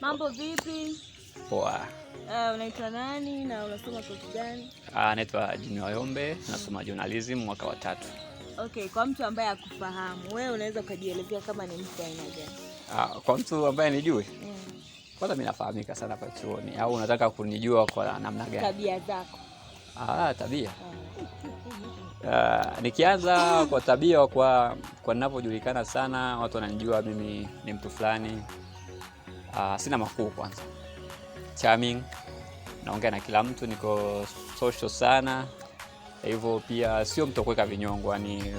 Mambo vipi? Poa. Uh, unaitwa nani na unasoma kozi gani? Ah, uh, naitwa Junior Yombe, nasoma journalism mwaka wa tatu. Okay, kwa mtu ambaye akufahamu, wewe unaweza ukajielezea kama ni mtu aina gani? Ah, uh, kwa mtu ambaye nijue? Mm. Kwanza mimi nafahamika sana kwa chuoni au unataka kunijua kwa namna gani? Tabia zako. Ah, tabia. Uh, nikianza kwa tabia kwa kwa ninavyojulikana sana, watu wananijua mimi ni mtu fulani Uh, sina makuu kwanza, charming, naongea na kila mtu, niko social sana, hivyo pia sio mtu kuweka vinyongo, yani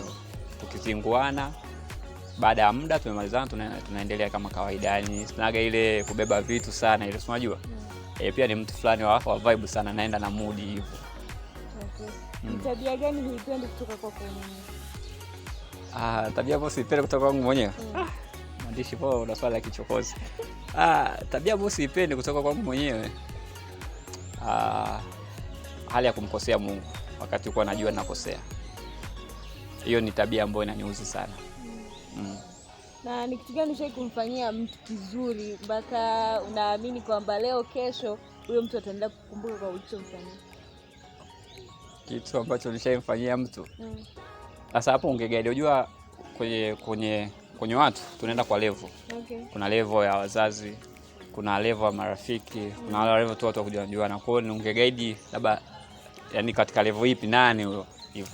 tukizinguana baada ya muda tumemalizana, tuna, tunaendelea kama kawaida, yani sinaga ile kubeba vitu sana ile, unajua e, pia ni mtu fulani wa, wa vibe sana, naenda na mood hivyo. Hmm. Tabia gani huipendi kutoka kwa mwenyewe? Ah, tabia kutoka mwenyewe. Hmm. Mwandishi, mm. Ah, po una swala la kichokozi Ah, tabia ambayo siipendi kutoka kwangu mwenyewe ah, hali ya kumkosea Mungu wakati uko najua nakosea. Hiyo ni tabia ambayo inaniuzi sana mm. Mm. Na ni kitu gani ushawahi kumfanyia mtu kizuri mpaka unaamini kwamba leo kesho huyo mtu ataenda kukumbuka kwa ulichomfanyia? Kitu ambacho nishaimfanyia mtu mm. sasa mm. Hapo ungegaidi, unajua kwenye kwenye kwenye watu tunaenda kwa level. Okay. Kuna level ya wazazi, kuna level ya marafiki, mm. kuna level tu watu wa na kwao, hiyo ningeguide labda yani katika level ipi nani huyo hivyo.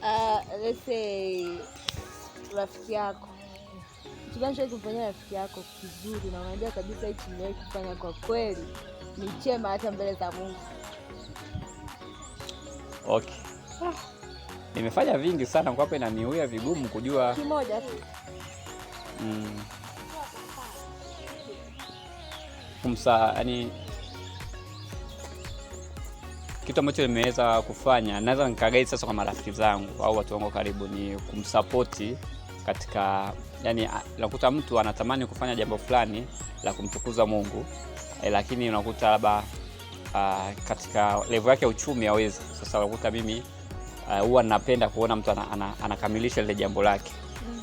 Uh, let's say rafiki yako kufanya rafiki yako kizuri na unajua kabisa hichi niwahi kufanya kwa kweli ni chema hata mbele za Mungu. Okay. Ah. Nimefanya vingi sana kwa hapa inaniuia vigumu kujua kimoja tu kumsaha yani, kitu ambacho nimeweza kufanya naweza nikagaidi sasa kwa marafiki zangu au watu wangu karibu ni kumsapoti katika, yani unakuta mtu anatamani kufanya jambo fulani la kumtukuza Mungu e, lakini unakuta labda uh, katika level yake ya uchumi hawezi. Sasa unakuta mimi ah, huwa uh, napenda kuona mtu anakamilisha ana, ana lile jambo lake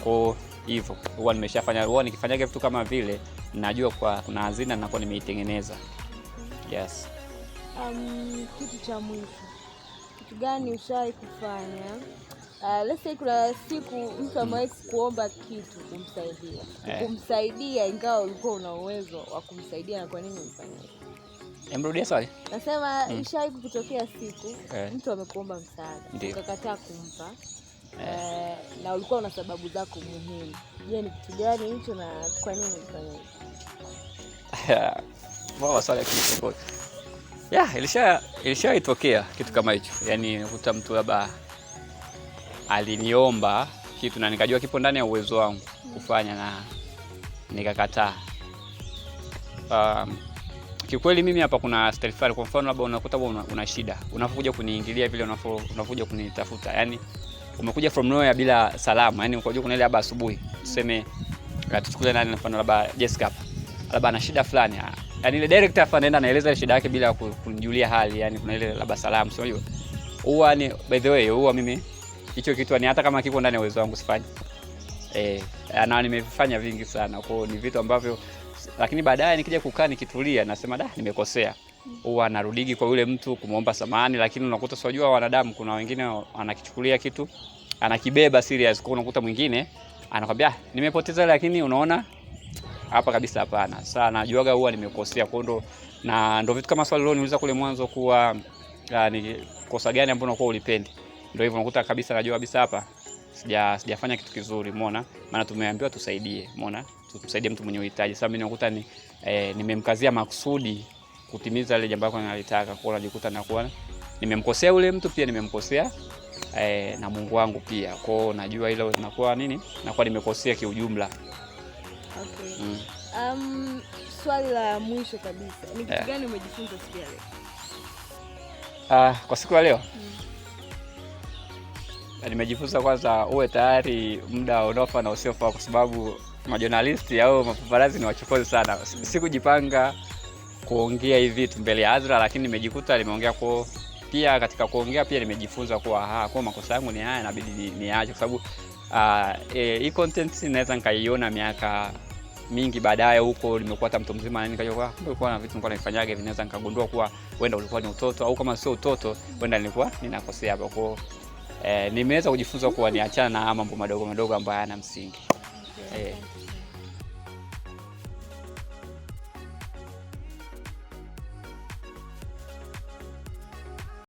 kwao hivyo huwa nimeshafanya, huwa nikifanyaga vitu kama vile najua kwa kuna hazina nakuwa nimeitengeneza. Yes. Um, kitu cha mwisho, kitu gani ushawahi kufanya? Uh, let's say kuna siku mtu amewahi kukuomba kitu kumsaidia, eh, kumsaidia ingawa ulikuwa una uwezo wa kumsaidia, na kwa nini ulifanya hivyo? Emrudia swali. Nasema mm. Ishawahi kutokea siku eh, mtu amekuomba msaada ukakataa kumpa Eh. Eh, na ulikuwa una sababu zako muhimu. Je, ni kitu gani hicho na kwa nini ulifanya hivyo? Mama swali ilisha ilishaitokea kitu kama hicho. Yaani nakuta mtu labda aliniomba kitu na nikajua kipo ndani ya uwezo wangu kufanya na nikakataa. Um, kiukweli mimi hapa kuna style fulani. Kwa mfano labda unakuta una, una shida, unapokuja kuniingilia vile, unapokuja kunitafuta yani umekuja from nowhere bila salamu, yani unakuja kuna ile labda asubuhi tuseme eh, tuchukulie nani mfano labda Jessica hapa. Labda ana shida fulani. Ah, yani ile director hapa anaenda anaeleza shida yake bila kunijulia hali, yani kuna ile labda salamu, sio hiyo. Huwa ni by the way, huwa mimi hicho kitu ni hata kama kiko ndani ya uwezo wangu sifanyi. Eh, na nimefanya vingi sana. Kwa hiyo ni vitu ambavyo lakini baadaye nikija kukaa nikitulia nasema da, nimekosea huwa narudigi kwa yule mtu kumwomba samani, lakini unakuta sijua, wanadamu kuna wengine anakichukulia kitu anakibeba serious, kwa unakuta mwingine anakwambia ah, nimepoteza, lakini unaona hapa kabisa hapana. Sasa najuaga huwa nimekosea, kwa ndo na ndo vitu kama swali leo niuliza kule mwanzo kuwa ya, ah, ni kosa gani ambalo unakuwa ulipendi, ndio hivyo unakuta kabisa, najua kabisa hapa sija sijafanya kitu kizuri, umeona, maana tumeambiwa tusaidie, umeona, tumsaidie mtu mwenye uhitaji. Sasa mimi nakuta ni eh, nimemkazia makusudi kutimiza ile jambo lako nalitaka. Kwa unajikuta najikuta kuona nimemkosea ule mtu pia nimemkosea e, na Mungu wangu pia. Kwa hiyo najua ile inakuwa nini, nakuwa nimekosea kiujumla. Okay. Mm. Um, swali la mwisho kabisa ni kitu eh. gani umejifunza siku ya leo? Ah, kwa siku ya leo mm. nimejifunza kwanza, uwe tayari muda unaofaa na usiofaa, kwa sababu majonalisti au mapaparazi ni wachokozi sana. Sikujipanga kuongea hivi vitu mbele ya hadhara, lakini nimejikuta nimeongea kwa pia katika kuongea pia nimejifunza kuwa ha, ah, kwa makosa yangu ni haya, inabidi niache kwa sababu uh, e, hii content naweza nikaiona miaka mingi baadaye, huko nimekuwa hata mtu mzima, nani kaja kwa ah, kulikuwa na vitu nilikuwa nafanyaga hivi, naweza nikagundua kuwa wenda ulikuwa ni utoto, au kama sio utoto, wenda nilikuwa ninakosea hapo. Kwa eh, nimeweza kujifunza kuwa niachana na mambo madogo madogo ambayo hayana msingi Okay, eh.